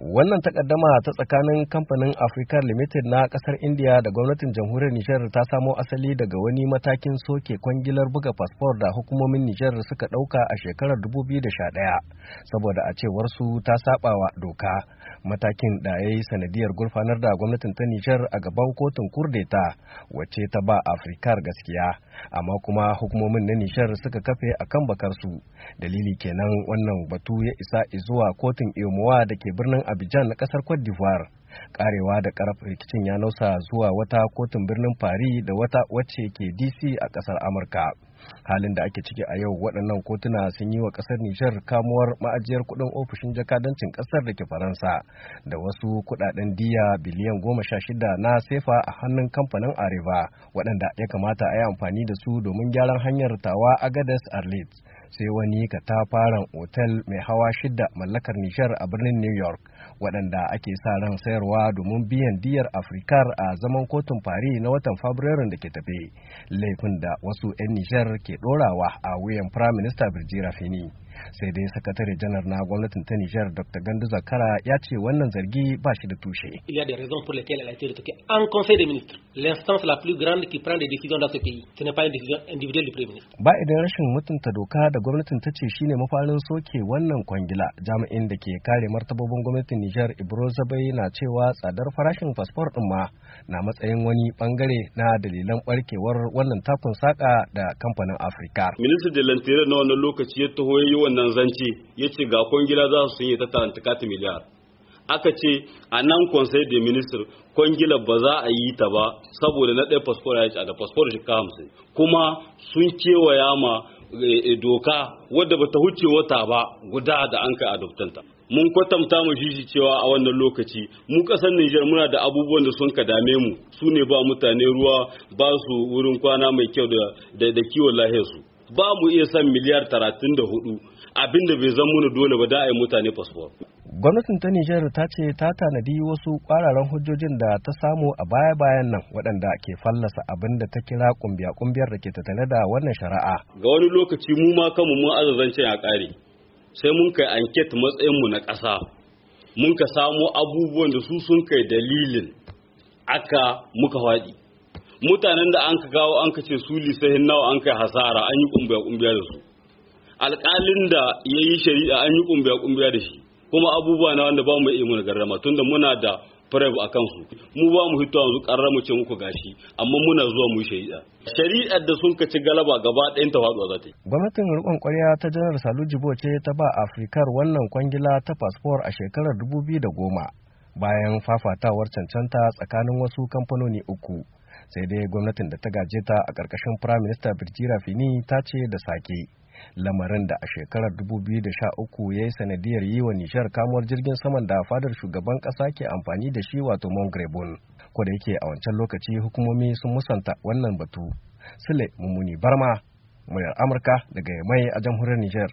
wannan takaddama ta tsakanin kamfanin africa limited na kasar india da gwamnatin jamhuriyar nijar ta samo asali daga wani matakin soke kwangilar buga fasfor da hukumomin nijar suka dauka a shekarar 2011 saboda a cewar su ta sabawa doka matakin da ya yi sanadiyar gurfanar da gwamnatin ta nijar a gaban kotun kurdeta wacce ta ba afrika gaskiya amma kuma hukumomin na nijar suka kafe a kan bakarsu dalili kenan wannan batu ya isa zuwa kotun iyomowa da ke birnin Abidjan na kasar Cote d'Ivoire. Karewa da karaf rikicin ya nausa zuwa wata kotun birnin Paris da wata wacce ke DC a kasar Amurka. halin da ake ciki a yau waɗannan kotuna sun yi wa ƙasar nijar kamuwar ma'ajiyar kuɗin ofishin jakadancin ƙasar da ke faransa da wasu kuɗaɗen diya biliyan goma sha shida na sefa a hannun kamfanin areva waɗanda ya kamata a yi amfani da su domin gyaran hanyar tawa a gadas arlit sai wani katafaren otel mai hawa shida mallakar nijar a birnin new york waɗanda ake sa ran sayarwa domin biyan diyar afirkar a zaman kotun fari na watan fabrairun da ke tafe laifin da wasu 'yan nijar ke ɗorawa a wuyan Firaminista Birjira Fini. sai dai sakatare janar na gwamnatin ta nijar dr gandu zakara ya ce wannan zargi ba shi da tushe il y a des raisons pour lesquelles elle a été retoquée en conseil des ministres l'instance la plus grande qui prend des décisions dans ce pays ce n'est pas une décision individuelle du premier ministre ba idan rashin mutunta doka da gwamnatin ta ce shine mafarin soke wannan kwangila jami'in da ke kare martabobin gwamnatin nijar ibro zabai na cewa tsadar farashin fasfor din ma na matsayin wani bangare na dalilan barkewar wannan takun saka da kamfanin afirka ministan da lantarki na wannan lokaci ya taho yayi wannan zance ya ce ga kwangila za su yi ta taranta kati miliyar aka ce a nan conseil de minister kwangila ba za a yi ta ba saboda na ɗaya fasfora ya ce da fasfora shi ka hamsin kuma sun kewaya ma e, e, doka wadda ba ta huce wata ba guda da an ka adoptanta mun kwatanta mu shi cewa a wannan lokaci mu kasar Nijar muna da abubuwan da sun ka dame mu su ne ba mutane ruwa ba su wurin kwana mai kyau da kiwon lahiyarsu su ba mu iya san miliyar 34 abinda bai zan muna dole ba da mutane fasfor. Gwamnatin ta Nijar ta ce ta tanadi wasu kwararan hujjojin da ta samu a baya-bayan nan waɗanda ke fallasa abin da ta kira kumbiya-kumbiyar da ke tattare da wannan shari'a. Ga wani lokaci mu ma kanmu mun azazance a kare sai mun kai anket matsayinmu na ƙasa mun ka samo abubuwan da su sun kai dalilin aka muka faɗi. mutanen da an ka kawo an ka ce su lisahin nawa an kai hasara an yi kumbiya kumbiya da su alƙalin da ya yi shari'a an yi kumbiya kumbiya da shi kuma abubuwa na wanda ba mu iya mun garrama tunda muna da firabu a kansu mu ba mu hito yanzu ƙarra ce muku gashi amma muna zuwa mu shari'a shari'ar da sun ka ci galaba gaba ɗayan ta faɗuwa za ta yi gwamnatin riƙon ƙwarya ta janar salu jibo ce ta ba afirkar wannan kwangila ta fasfor a shekarar dubu biyu da goma bayan fafatawar cancanta tsakanin wasu kamfanoni uku sai dai gwamnatin da ta gaje ta a ƙarƙashin firaminista birjira fini ta ce da sake lamarin da a shekarar 2013 ya yi sanadiyar yi wa nishar kamuwar jirgin saman da fadar shugaban ƙasa ke amfani da shi wato mongrebon ko da yake a wancan lokaci hukumomi sun musanta wannan batu sule mummuni barma muryar amurka daga mai a jamhuriyar nijar